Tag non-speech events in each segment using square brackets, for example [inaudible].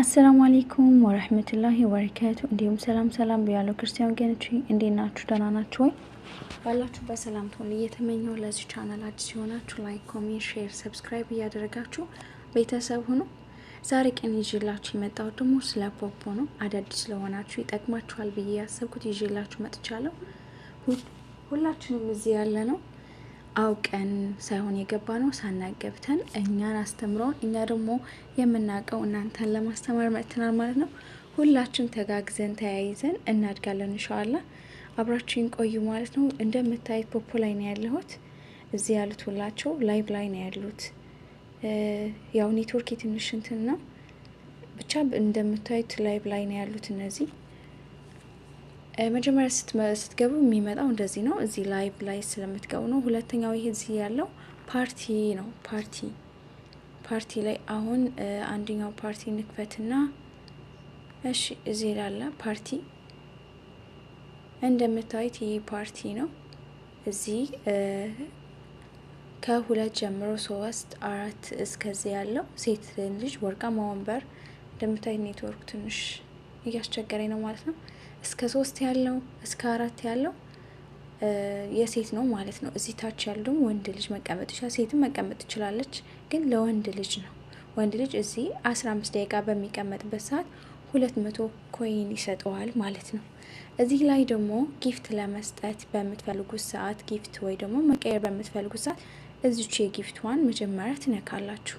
አሰላሙ አሌይኩም ወረህመቱላሂ ወበረካቱ። እንዲሁም ሰላም ሰላም ብያለሁ ክርስቲያን ወገኖች፣ እንዴት ናችሁ? ደህና ናችሁ ወይ? ባላችሁ በሰላም ትሆን እየተመኘው ለዚህ ቻናል አዲስ የሆናችሁ ላይክ፣ ኮሜንት፣ ሼር፣ ሰብስክራይብ እያደረጋችሁ ቤተሰብ ሁኑ። ዛሬ ቀን ይዤላችሁ የመጣሁት ደግሞ ስለ ፖፖ ነው። አዳዲስ ስለሆናችሁ ይጠቅማችኋል ብዬ ያሰብኩት ይዤላችሁ መጥቻለሁ። ሁላችንም እዚህ ያለ ነው አውቀን ሳይሆን የገባ ነው ሳናገብተን እኛን አስተምሮ እኛ ደግሞ የምናውቀው እናንተን ለማስተማር መጥተናል ማለት ነው። ሁላችን ተጋግዘን ተያይዘን እናድጋለን እንሻአላ። አብራችን ቆዩ ማለት ነው። እንደምታየት ፖፖ ላይ ነው ያለሁት። እዚህ ያሉት ሁላቸው ላይቭ ላይ ነው ያሉት። ያው ኔትወርክ የትንሽ እንትን ነው ብቻ እንደምታዩት ላይቭ ላይ ነው ያሉት እነዚህ መጀመሪያ ስትገቡ የሚመጣው እንደዚህ ነው። እዚህ ላይቭ ላይ ስለምትገቡ ነው። ሁለተኛው ይሄ እዚህ ያለው ፓርቲ ነው። ፓርቲ ፓርቲ ላይ አሁን አንደኛው ፓርቲ ንክፈትና እሺ፣ እዚህ ላለ ፓርቲ እንደምታዩት ይህ ፓርቲ ነው። እዚህ ከሁለት ጀምሮ ሶስት አራት እስከዚህ ያለው ሴት ልጅ ወርቃማ ወንበር እንደምታዩት ኔትወርክ ትንሽ እያስቸገረኝ ነው ማለት ነው። እስከ ሶስት ያለው እስከ አራት ያለው የሴት ነው ማለት ነው። እዚህ ታች ያለው ወንድ ልጅ መቀመጥ ይችላል። ሴትም መቀመጥ ትችላለች፣ ግን ለወንድ ልጅ ነው። ወንድ ልጅ እዚህ አስራ አምስት ደቂቃ በሚቀመጥበት ሰዓት ሁለት መቶ ኮይን ይሰጠዋል ማለት ነው። እዚህ ላይ ደግሞ ጊፍት ለመስጠት በምትፈልጉት ሰዓት ጊፍት ወይ ደግሞ መቀየር በምትፈልጉት ሰዓት እዚች ዋን መጀመሪያ ትነካላችሁ።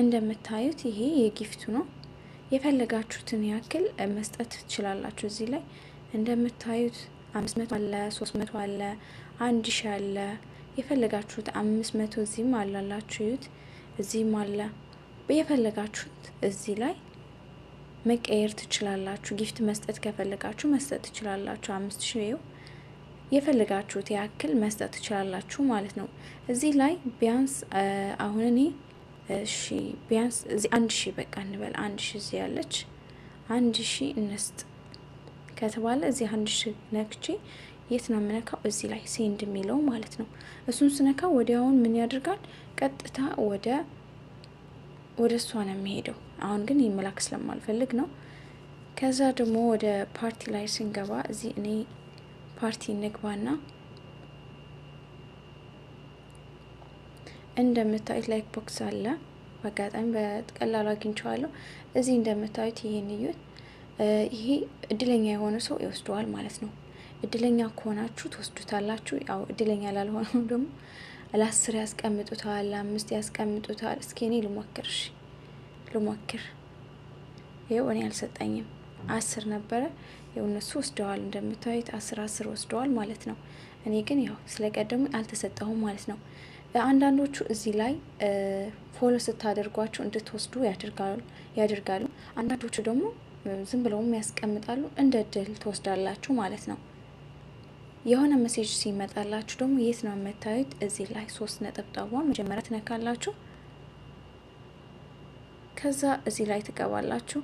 እንደምታዩት ይሄ የጊፍቱ ነው። የፈለጋችሁትን ያክል መስጠት ትችላላችሁ። እዚህ ላይ እንደምታዩት አምስት መቶ አለ፣ ሶስት መቶ አለ፣ አንድ ሺ አለ። የፈለጋችሁት አምስት መቶ እዚህም አላላችሁት እዚህም አለ። የፈለጋችሁት እዚህ ላይ መቀየር ትችላላችሁ። ጊፍት መስጠት ከፈለጋችሁ መስጠት ትችላላችሁ። አምስት ሺ ው የፈለጋችሁት ያክል መስጠት ትችላላችሁ ማለት ነው። እዚህ ላይ ቢያንስ አሁን እኔ እሺ ቢያንስ እዚህ አንድ ሺህ በቃ እንበል አንድ ሺህ እዚህ ያለች አንድ ሺህ እንስጥ ከተባለ እዚህ አንድ ሺህ ነክቼ የት ነው የምነካው? እዚህ ላይ ሴንድ የሚለው ማለት ነው። እሱን ስነካ ወዲያውን ምን ያደርጋል? ቀጥታ ወደ ወደ እሷ ነው የሚሄደው። አሁን ግን ይመላክ ስለማልፈልግ ነው። ከዛ ደግሞ ወደ ፓርቲ ላይ ስንገባ እዚህ እኔ ፓርቲ ንግባና እንደምታዩት ላይክ ቦክስ አለ። በአጋጣሚ በቀላሉ አግኝቼዋለሁ። እዚህ እንደምታዩት ይህን እዩት። ይሄ እድለኛ የሆነ ሰው ይወስደዋል ማለት ነው። እድለኛ ከሆናችሁ ትወስዱታላችሁ። ያው እድለኛ ላልሆነው [laughs] ደግሞ ለአስር ያስቀምጡታል፣ ለአምስት ያስቀምጡታል። እስኪ እኔ ልሞክር፣ እሺ ልሞክር። ይኸው እኔ አልሰጠኝም፣ አስር ነበረ። ይኸው እነሱ ወስደዋል፣ እንደምታዩት አስር አስር ወስደዋል ማለት ነው። እኔ ግን ያው ስለቀደሙ አልተሰጠሁም ማለት ነው። አንዳንዶቹ እዚህ ላይ ፎሎ ስታደርጓቸው እንድትወስዱ ያደርጋሉ። አንዳንዶቹ ደግሞ ዝም ብለውም ያስቀምጣሉ። እንደ ድል ትወስዳላችሁ ማለት ነው። የሆነ መሴጅ ሲመጣላችሁ ደግሞ የት ነው የምታዩት? እዚህ ላይ ሶስት ነጠብጣቧ መጀመሪያ ትነካላችሁ። ከዛ እዚህ ላይ ትገባላችሁ።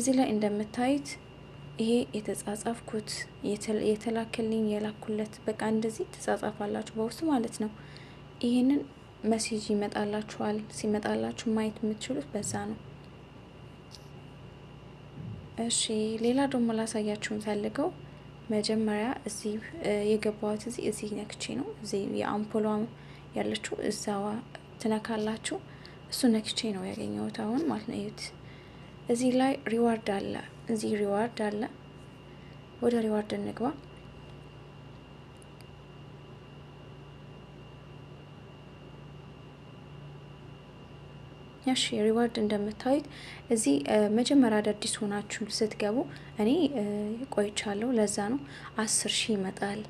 እዚህ ላይ እንደምታዩት ይሄ የተጻጻፍኩት የተላከልኝ የላኩለት በቃ እንደዚህ ትጻጻፋላችሁ በውስጥ ማለት ነው። ይህንን መሴጅ ይመጣላችኋል። ሲመጣላችሁ ማየት የምትችሉት በዛ ነው። እሺ ሌላ ደግሞ ላሳያችሁ ፈልገው መጀመሪያ እዚህ የገባሁት እዚህ እዚህ ነክቼ ነው። እዚህ የአምፖሏ ያለችው እዛዋ ትነካላችሁ። እሱ ነክቼ ነው ያገኘሁት አሁን ማለት ነው። እዩት፣ እዚህ ላይ ሪዋርድ አለ። እዚህ ሪዋርድ አለ። ወደ ሪዋርድ እንግባ። እሺ ሪዋርድ እንደምታዩት እዚህ መጀመሪያ አዳዲስ ሆናችሁ ስትገቡ እኔ ቆይቻለሁ። ለዛ ነው አስር ሺህ ይመጣል።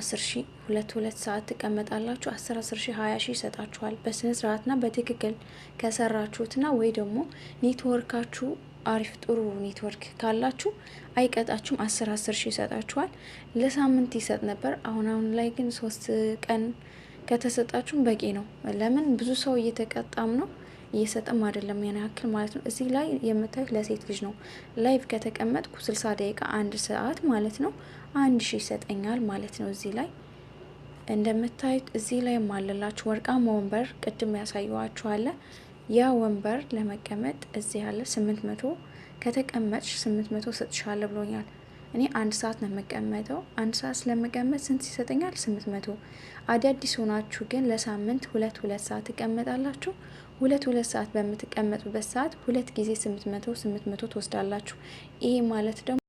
አስር ሺህ ሁለት ሁለት ሰዓት ትቀመጣላችሁ። አስር አስር ሺህ ሀያ ሺህ ይሰጣችኋል። በስነ ስርዓትና በትክክል ከሰራችሁትና ወይ ደግሞ ኔትወርካችሁ አሪፍ ጥሩ ኔትወርክ ካላችሁ አይቀጣችሁም። አስር አስር ሺህ ይሰጣችኋል። ለሳምንት ይሰጥ ነበር። አሁን አሁን ላይ ግን ሶስት ቀን ከተሰጣችሁም በቂ ነው። ለምን ብዙ ሰው እየተቀጣም ነው። እየሰጠም አይደለም ያን ያክል ማለት ነው። እዚህ ላይ የምታዩት ለሴት ልጅ ነው። ላይቭ ከተቀመጥኩ ስልሳ ደቂቃ አንድ ሰዓት ማለት ነው አንድ ሺ ይሰጠኛል ማለት ነው። እዚህ ላይ እንደምታዩት እዚህ ላይ ማለላችሁ ወርቃማ ወንበር ቅድም ያሳየዋችኋለ። ያ ወንበር ለመቀመጥ እዚህ ያለ ስምንት መቶ ከተቀመጥሽ ስምንት መቶ ሰጥሻለ ብሎኛል። እኔ አንድ ሰዓት ነው የምቀመጠው። አንድ ሰዓት ስለምቀመጥ ስንት ይሰጠኛል? ስምንት መቶ አዳዲስ ሆናችሁ ግን ለሳምንት ሁለት ሁለት ሰዓት ትቀመጣላችሁ። ሁለት ሁለት ሰዓት በምትቀመጡበት ሰዓት ሁለት ጊዜ ስምንት መቶ ስምንት መቶ ትወስዳላችሁ። ይሄ ማለት ደግሞ